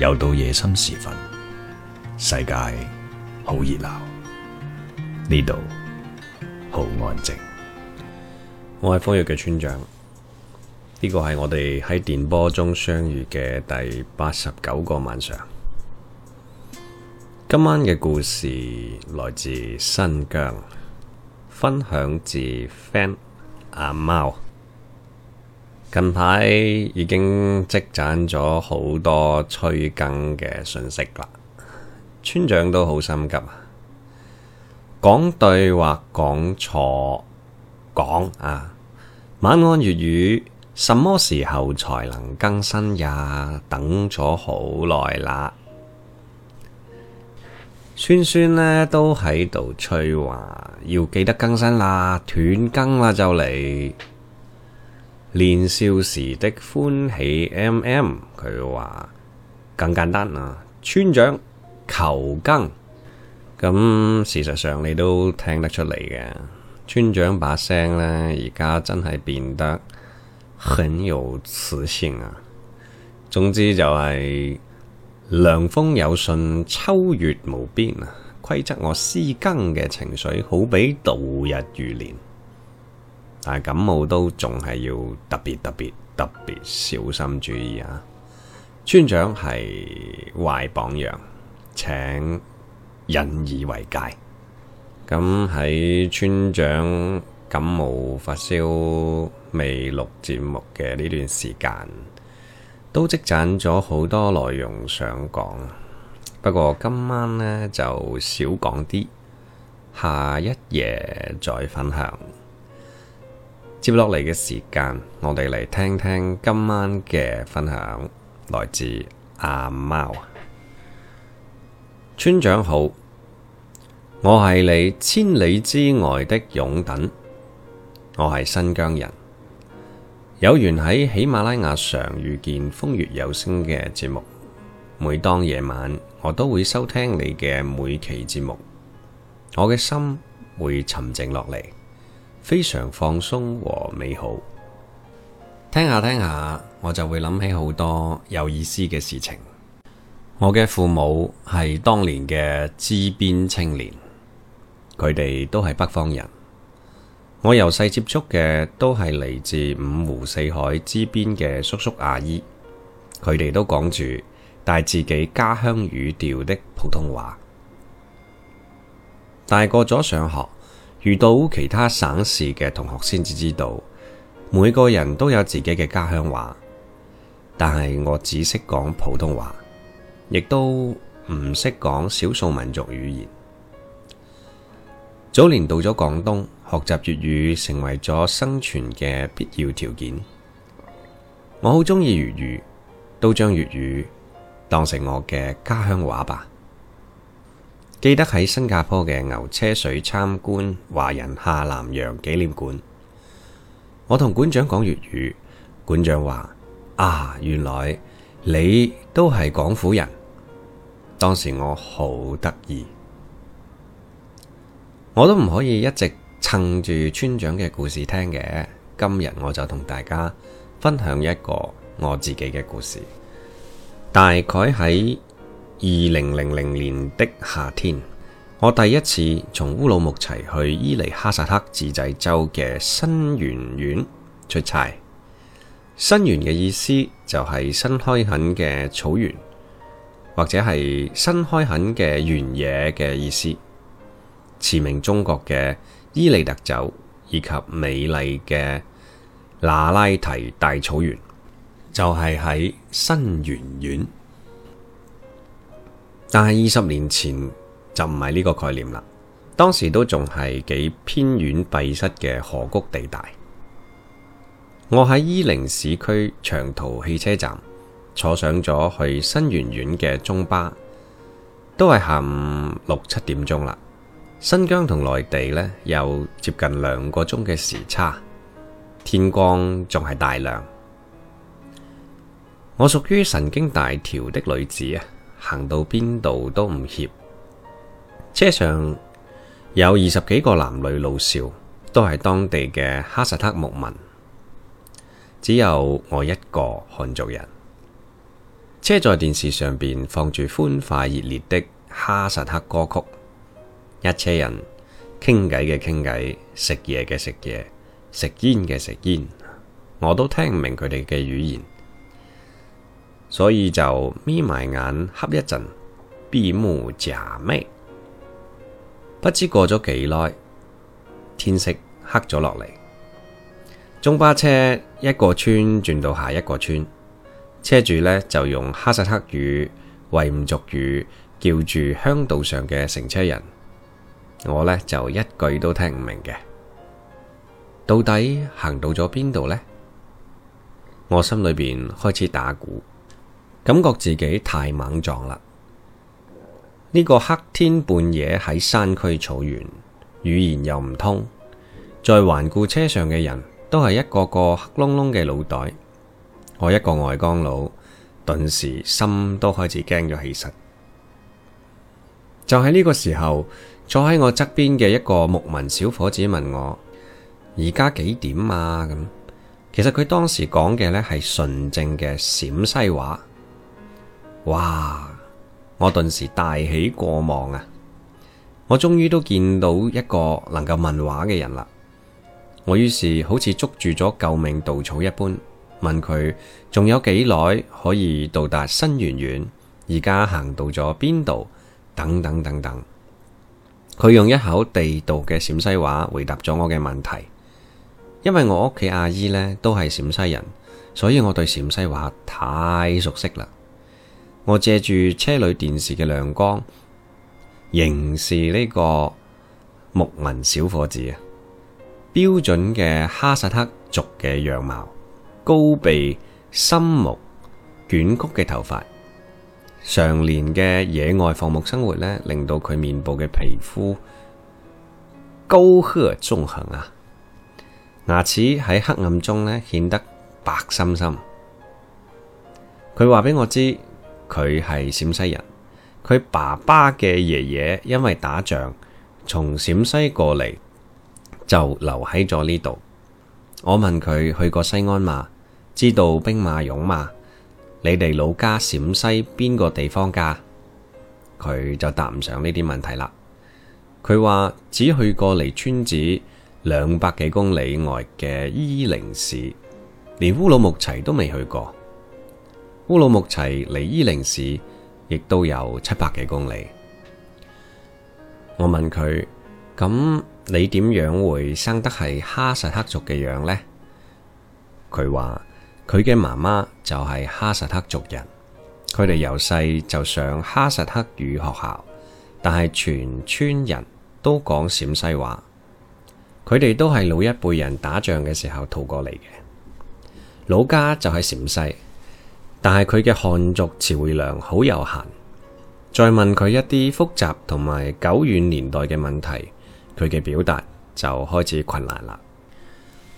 又到夜深時分，世界好熱鬧，呢度好安靜。我係瘋粵嘅村長，呢個係我哋喺電波中相遇嘅第八十九個晚上。今晚嘅故事來自新疆，分享自 FAN、啊、阿貓。近排已經積攢咗好多催更嘅信息啦，村長都好心急啊！講對或錯 long，講啊！晚安粵語什麼時候才能更新呀？等咗好耐啦！萱萱呢都喺度催話，要記得更新啦，斷更啦就嚟！年少時的歡喜，mm，佢話更簡單啊：「村長求更，咁事實上你都聽得出嚟嘅。村長把聲咧，而家真係變得很有磁性啊。總之就係涼風有信，秋月無邊啊。虧則我思更嘅情緒，好比度日如年。但係感冒都仲係要特別特別特別小心注意啊！村長係壞榜樣，請引以為戒。咁喺村長感冒發燒未錄節目嘅呢段時間，都積攢咗好多內容想講，不過今晚呢，就少講啲，下一夜再分享。接落嚟嘅時間，我哋嚟聽聽今晚嘅分享，來自阿貓。村長好，我係你千里之外的擁躉，我係新疆人，有緣喺喜馬拉雅上遇見《瘋粵有聲》嘅節目。每當夜晚，我都會收聽你嘅每期節目，我嘅心會沉靜落嚟。非常放鬆和美好，聽下聽下，我就會諗起好多有意思嘅事情。我嘅父母係當年嘅支邊青年，佢哋都係北方人。我由細接觸嘅都係嚟自五湖四海支邊嘅叔叔阿姨，佢哋都講住帶自己家鄉語調的普通話。大個咗上學，遇到其他省市嘅同學先至知道，每個人都有自己嘅家鄉話，但係我只識講普通話，亦都唔識講少數民族語言。早年到咗廣東，學習粵語成為咗生存嘅必要條件。我好鍾意粵語，都將粵語當成我嘅家鄉話吧。記得喺新加坡嘅牛車水參觀華人下南洋紀念館，我同館長講粵語，館長話：啊，原來你都係廣府人。當時我好得意，我都唔可以一直蹭住村長嘅故事聽嘅。今日我就同大家分享一個我自己嘅故事，大概喺。二零零零年的夏天，我第一次從烏魯木齊去伊犁哈薩克自治州嘅新源縣出差。新源嘅意思就係新開墾嘅草原，或者係新開墾嘅原野嘅意思。馳名中國嘅伊力特酒以及美麗嘅那拉提大草原，就係、是、喺新源縣。但係二十年前就唔係呢個概念啦，當時都仲係幾偏遠閉塞嘅河谷地帶。我喺伊寧市區長途汽車站坐上咗去新源縣嘅中巴，都係下午六七點鐘啦。新疆同內地呢，有接近兩個鐘嘅時、時差，天光仲係大亮。我屬於神經大條的女子啊！行到邊度都唔怯，車上有二十幾個男女老少，都係當地嘅哈薩克牧民，只有我一個漢族人。車載電視上邊放住歡快熱烈的哈薩克歌曲，一車人傾偈嘅傾偈，食嘢嘅食嘢，食煙嘅食煙，我都聽唔明佢哋嘅語言。所以就眯埋眼，瞌一陣，閉目假寐。不知過咗幾耐，天色黑咗落嚟。中巴車一個村轉到下一個村，車主呢就用哈薩克語維吾族語叫住鄉道上嘅乘車人，我呢就一句都聽唔明嘅。到底行到咗邊度呢？我心裏邊開始打鼓。感覺自己太莽撞啦！呢、這個黑天半夜喺山區草原，語言又唔通，再環顧車上嘅人都係一個個黑隆隆嘅腦袋，我一個外江佬，頓時心都開始驚咗起實。就喺、是、呢個時候，坐喺我側邊嘅一個牧民小伙子問我：而家幾點啊？咁其實佢當時講嘅呢係純正嘅陝西話。哇！我頓時大喜過望啊！我終於都見到一個能夠問話嘅人啦！我於是好似捉住咗救命稻草一般，問佢仲有幾耐可以到達新源縣？而家行到咗邊度？等等等等。佢用一口地道嘅陝西話回答咗我嘅問題，因為我屋企阿姨呢都係陝西人，所以我對陝西話太熟悉啦。我借住車裏電視嘅亮光凝視呢個牧民小伙子啊，標準嘅哈薩克族嘅樣貌，高鼻深目，捲曲嘅頭髮，常年嘅野外放牧生活咧，令到佢面部嘅皮膚溝壑縱橫啊，牙齒喺黑暗中咧顯得白森森。佢話俾我知。佢係陝西人，佢爸爸嘅爺爺因為打仗從陝西過嚟，就留喺咗呢度。我問佢去過西安嘛，知道兵馬俑嘛？你哋老家陝西邊個地方噶？佢就答唔上呢啲問題啦。佢話只去過離村子兩百幾公里外嘅伊寧市，連烏魯木齊都未去過。烏魯木齊離伊寧市亦都有七百幾公里。我問佢：咁你點樣會生得係哈薩克族嘅樣呢？佢話：佢嘅媽媽就係哈薩克族人，佢哋由細就上哈薩克語學校，但係全村人都講陝西話。佢哋都係老一輩人打仗嘅時候逃過嚟嘅，老家就喺陝西。但係佢嘅漢族詞彙量好有限，再問佢一啲複雜同埋久遠年代嘅問題，佢嘅表達就開始困難啦。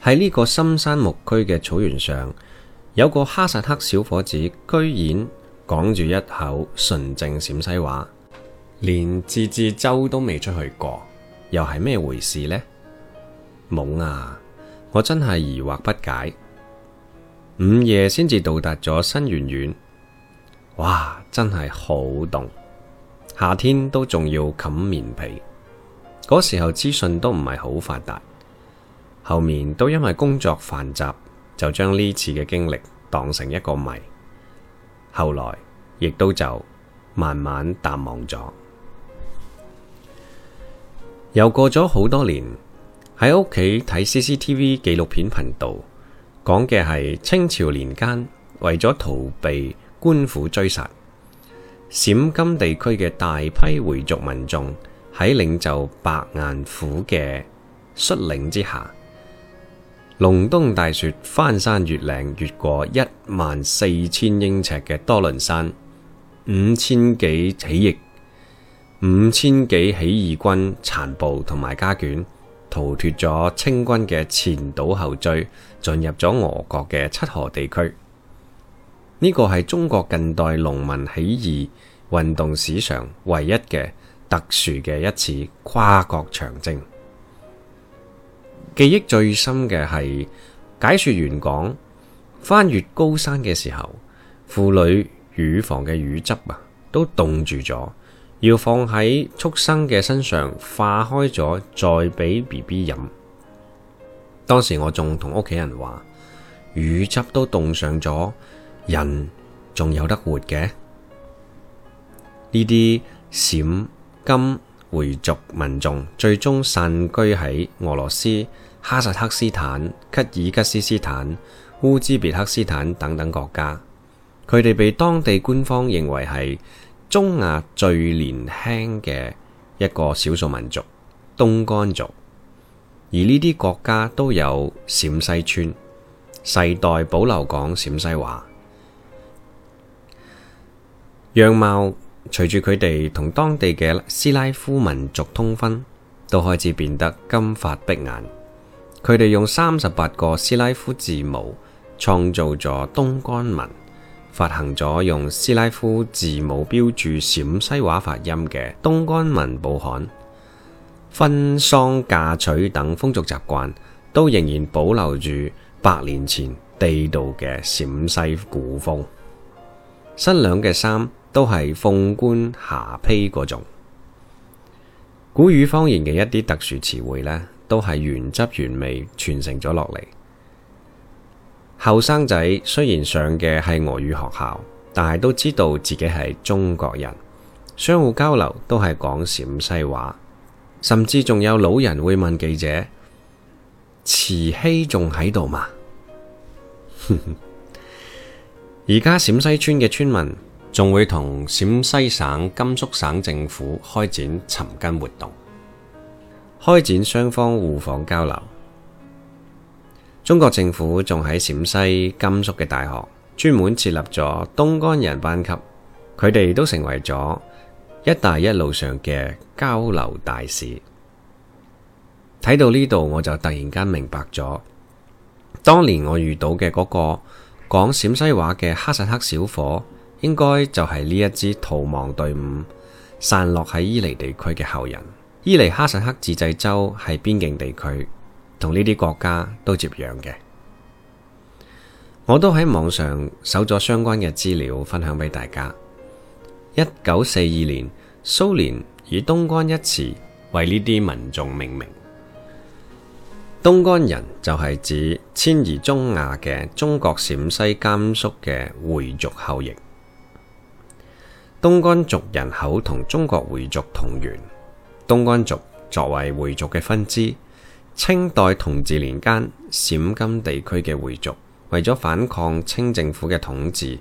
喺呢個深山牧區嘅草原上，有個哈薩克小伙子居然講住一口純正陝西話，連自治州都未出去過，又係咩回事呢？懵啊！我真係疑惑不解。午夜先至到達咗新源縣，哇，真係好凍，夏天都仲要冚棉被。嗰時候資訊都唔係好發達，後面都因為工作繁雜，就將呢次嘅經歷當成一個謎。後來亦都就慢慢淡忘咗。又過咗好多年，喺屋企睇 CCTV 紀錄片頻道。講嘅係清朝年間，為咗逃避官府追殺，陝甘地區嘅大批回族民眾喺領袖白彥虎嘅率領之下，隆冬大雪，翻山越嶺，越過一萬四千英尺嘅多倫山，五千幾起義，五千幾起義軍殘部同埋家眷。逃脫咗清軍嘅前堵後追，進入咗俄國嘅七河地區。呢個係中國近代農民起義運動史上唯一嘅特殊嘅一次跨國長征。記憶最深嘅係解說員講，翻越高山嘅時候，婦女乳房嘅乳汁啊都凍住咗。要放喺畜生嘅身上化開咗，再俾 B B 飲。當時我仲同屋企人話：乳汁都凍上咗，人仲有得活嘅？呢啲陝甘回族民眾最終散居喺俄羅斯、哈薩克斯坦、吉爾吉斯斯坦、烏茲別克斯坦等等國家。佢哋被當地官方認為係。中亞最年輕嘅一個少數民族——東干族，而呢啲國家都有陝西村，世代保留講陝西話。樣貌隨住佢哋同當地嘅斯拉夫民族通婚，都開始變得金髮碧眼。佢哋用三十八個斯拉夫字母創造咗東干文。發行咗用斯拉夫字母標注陝西話發音嘅東干文報刊，婚喪嫁娶等風俗習慣都仍然保留住百年前地道嘅陝西古風。新娘嘅衫都係鳳冠霞帔嗰種。古語方言嘅一啲特殊詞彙呢，都係原汁原味傳承咗落嚟。後生仔雖然上嘅係俄語學校，但係都知道自己係中國人，相互交流都係講陝西話，甚至仲有老人會問記者：慈禧仲喺度嘛？而家陝西村嘅村民仲會同陝西省、甘肅省政府開展尋根活動，開展雙方互訪交流。中國政府仲喺陝西、甘肅嘅大學專門設立咗東干人班級，佢哋都成為咗一帶一路上嘅交流大使。睇到呢度，我就突然間明白咗，當年我遇到嘅嗰個講陝西話嘅哈薩克小伙，應該就係呢一支逃亡隊伍散落喺伊犁地區嘅後人。伊犁哈薩克自治州係邊境地區。同呢啲國家都接壤嘅，我都喺網上搜咗相關嘅資料，分享俾大家。一九四二年，蘇聯以東干一詞為呢啲民眾命名，東干人就係指遷移中亞嘅中國陝西甘肅嘅回族後裔。東干族人口同中國回族同源，東干族作為回族嘅分支。清代同治年間，陝甘地區嘅回族為咗反抗清政府嘅統治，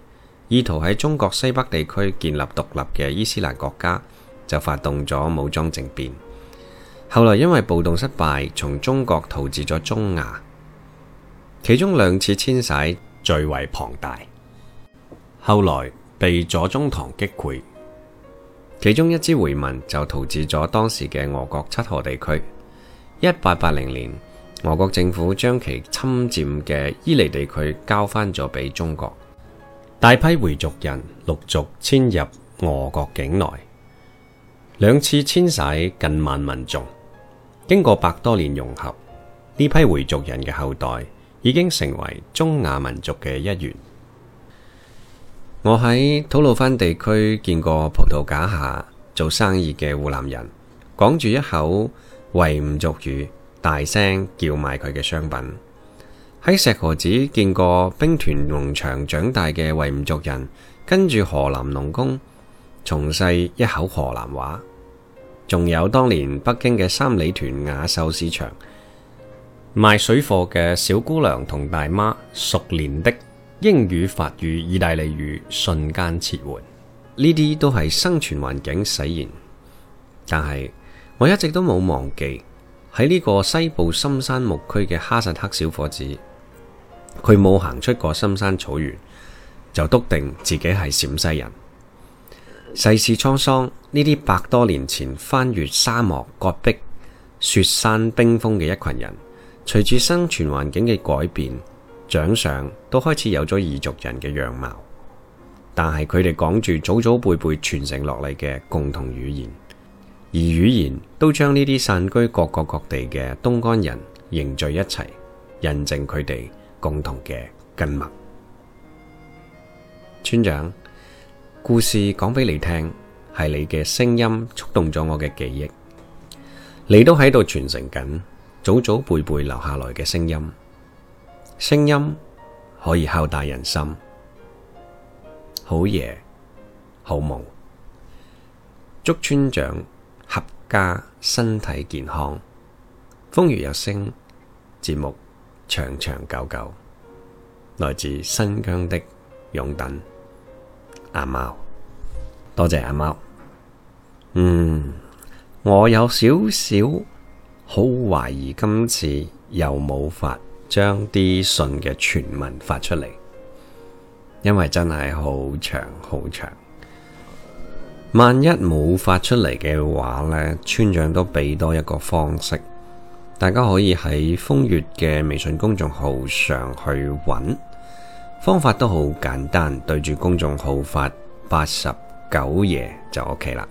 意圖喺中國西北地區建立獨立嘅伊斯蘭國家，就發動咗武裝政變。後來因為暴動失敗，從中國逃至咗中亞，其中兩次遷徙最為龐大，後來被左宗棠擊潰。其中一支回民就逃至咗當時嘅俄國七河地區。一八八零年，俄國政府將其侵占嘅伊犁地區交翻咗俾中國，大批回族人陸續遷入俄國境內，兩次遷徙近萬民族。經過百多年融合，呢批回族人嘅後代已經成為中亞民族嘅一員。我喺吐魯番地區見過葡萄架下做生意嘅湖南人，講住一口。維吾族語大聲叫賣佢嘅商品，喺石河子見過兵團農場長大嘅維吾族人，跟住河南農工，從細一口河南話，仲有當年北京嘅三里屯雅秀市場賣水貨嘅小姑娘同大媽，熟練的英語、法語、意大利語瞬間切換，呢啲都係生存環境使然，但係。我一直都冇忘記喺呢個西部深山牧區嘅哈薩克小伙子，佢冇行出過深山草原，就篤定自己係陝西人。世事滄桑，呢啲百多年前翻越沙漠、戈壁、雪山、冰封嘅一群人，隨住生存環境嘅改變，長相都開始有咗異族人嘅樣貌，但係佢哋講住祖祖輩輩傳承落嚟嘅共同語言。而語言都將呢啲散居各國各，各地嘅東干人凝聚一齊，印證佢哋共同嘅根脈。村長，故事講俾你聽，係你嘅聲音觸動咗我嘅記憶。你都喺度傳承緊，祖祖輩輩留下來嘅聲音。聲音可以敲打人心，好夜，好夢，祝村長家身體健康，瘋粵有聲，節目長長久久，來自新疆的擁躉，阿貓。多謝阿貓。嗯，我有少少好懷疑今次又冇法將啲信嘅全文發出嚟，因為真係好長好長。萬一冇發出嚟嘅話呢，村長都俾多一個方式，大家可以喺瘋粵嘅微信公眾號上去揾，方法都好簡單，對住公眾號發八十九夜就 OK 啦。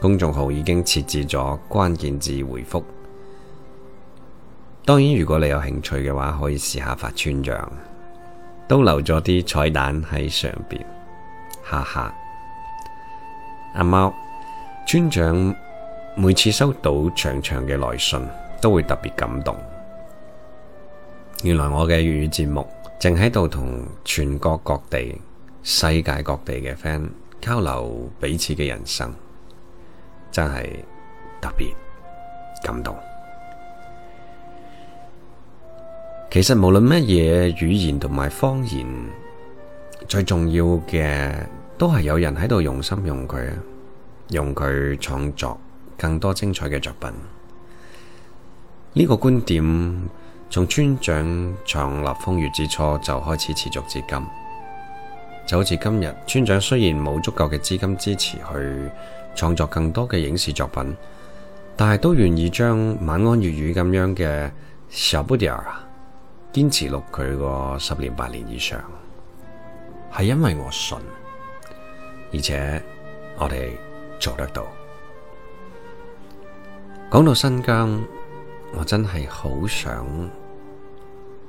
公眾號已經設置咗關鍵字回覆，當然如果你有興趣嘅話，可以試下發「村長」，都留咗啲彩蛋喺上邊，哈哈。阿貓，村長每次收到長長嘅來信，都會特別感動。原來我嘅粵語節目，正喺度同全國各地、世界各地嘅 friend 交流彼此嘅人生，真係特別感動。其實無論乜嘢語言同埋方言，最重要嘅。都係有人喺度用心用佢啊，用佢創作更多精彩嘅作品。呢個觀點從村長創立瘋粵之初就開始持續至今，就好似今日村長雖然冇足夠嘅資金支持去創作更多嘅影視作品，但係都願意將《晚安粵語》咁樣嘅小不點啊堅持錄佢個十年八年以上，係因為我信。而且我哋做得到。講到新疆，我真係好想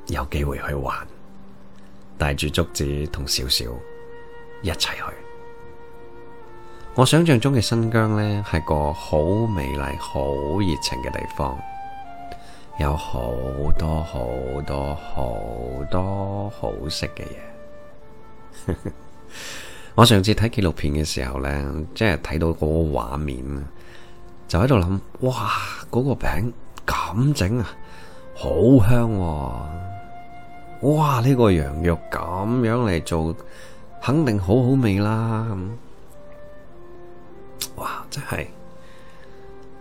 有機會去玩，帶住竹子同少少一齊去。我想象中嘅新疆呢，係個好美麗、好熱情嘅地方，有好多好多好多好多好食嘅嘢。 我上次睇紀錄片嘅時候咧，即係睇到嗰個畫面，就喺度諗，哇，嗰、那個餅咁整啊，好香、啊！哇，呢、這個羊肉咁樣嚟做，肯定好好味啦！咁，哇，真係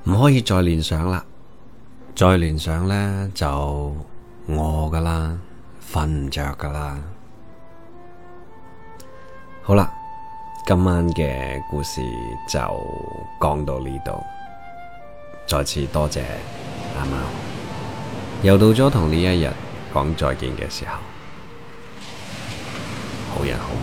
唔可以再聯想啦，再聯想咧就餓噶啦，瞓唔着噶啦。好啦。今晚嘅故事就講到呢度，再次多謝阿貓，又到咗同呢一日講再見嘅時候，好人好。